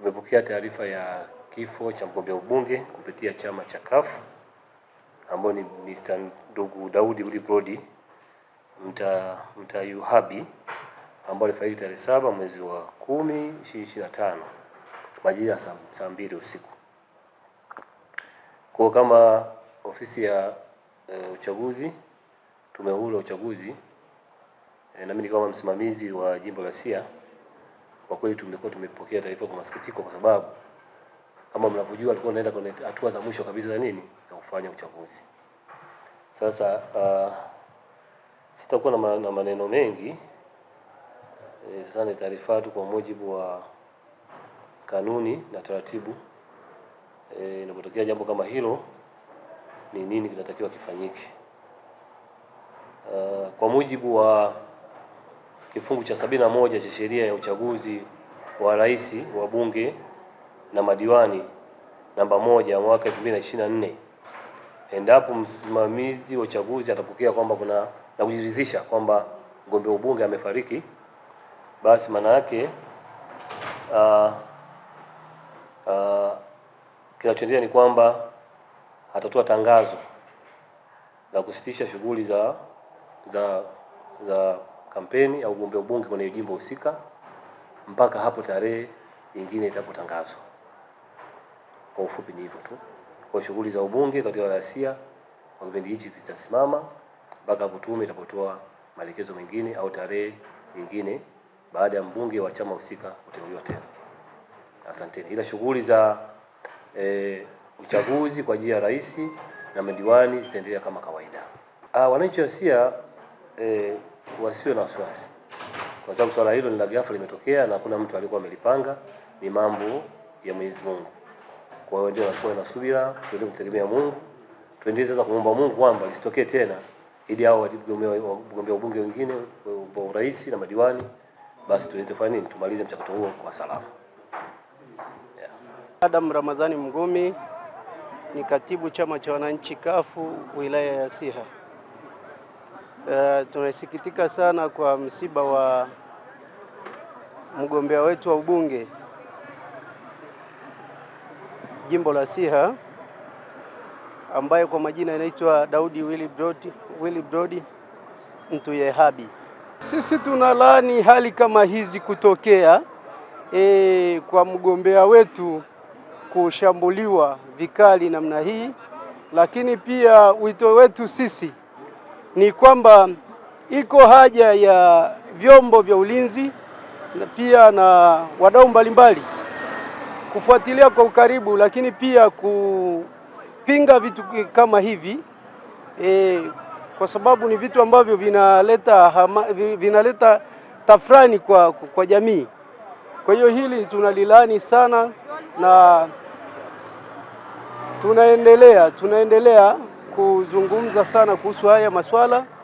tumepokea taarifa ya kifo cha mgombea ubunge kupitia chama cha CUF ambayo ni Mr. ndugu Daudi Mlibrodi Mtayuhabi ambaye alifariki tarehe saba mwezi wa kumi ishirini na tano majira ya saa mbili usiku. Kwa kama ofisi ya e, uchaguzi tume huru ya uchaguzi e, eh, nami mimi kama msimamizi wa jimbo la Siha kwa kweli tumekuwa tumepokea taarifa kwa masikitiko, kwa sababu kama mnavyojua alikuwa anaenda kwenye hatua za mwisho kabisa za nini za kufanya uchaguzi. Sasa uh, sitakuwa na, na maneno mengi e, sasa ni taarifa tu kwa mujibu wa kanuni na taratibu e, inapotokea jambo kama hilo ni nini kinatakiwa kifanyike. Uh, kwa mujibu wa kifungu cha sabini na moja cha sheria ya uchaguzi wa rais wa bunge na madiwani namba moja mwaka 2024 endapo msimamizi wa uchaguzi atapokea kwamba kuna na kujiridhisha kwamba mgombea ubunge amefariki, basi maana yake uh, uh, kinachoendelea ni kwamba atatoa tangazo la kusitisha shughuli za za za kampeni au ugombea ubunge kwenye jimbo husika mpaka hapo tarehe nyingine itapotangazwa. Kwa ufupi ni hivyo tu. Kwa shughuli za ubunge katika Walasia kwa kipindi hichi zitasimama mpaka hapo tume itapotoa maelekezo mengine au tarehe nyingine baada ya mbunge wa chama husika kuteuliwa tena. Asanteni. Ila shughuli za e, uchaguzi kwa ajili ya rais na madiwani zitaendelea kama kawaida. Ah, wananchi wa Sia eh, wasiwe na wasiwasi, kwa sababu swala hilo ni la ghafla, limetokea na kuna mtu alikuwa amelipanga. Ni mambo ya Mwenyezi Mungu. Kwa hiyo ndio lazima na subira, tuende kumtegemea Mungu, tuendelee sasa kumwomba Mungu kwamba lisitokee tena, ili hao wagombea ubunge wengine wa urais na madiwani, basi tuweze kufanya nini, tumalize mchakato huo kwa salama. Yeah. Adam Ramadhani Mgumi ni katibu chama cha wananchi kafu wilaya ya Siha. Uh, tunasikitika sana kwa msiba wa mgombea wetu wa ubunge jimbo la Siha ambaye kwa majina inaitwa Daudi Willy Brody yehabi Sisi tunalaani hali kama hizi kutokea, e, kwa mgombea wetu kushambuliwa vikali namna hii, lakini pia wito wetu sisi ni kwamba iko haja ya vyombo vya ulinzi na pia na wadau mbalimbali kufuatilia kwa ukaribu, lakini pia kupinga vitu kama hivi e, kwa sababu ni vitu ambavyo vinaleta hama, vinaleta tafrani kwa, kwa jamii. Kwa hiyo hili tunalilani sana na tunaendelea tunaendelea kuzungumza sana kuhusu haya masuala.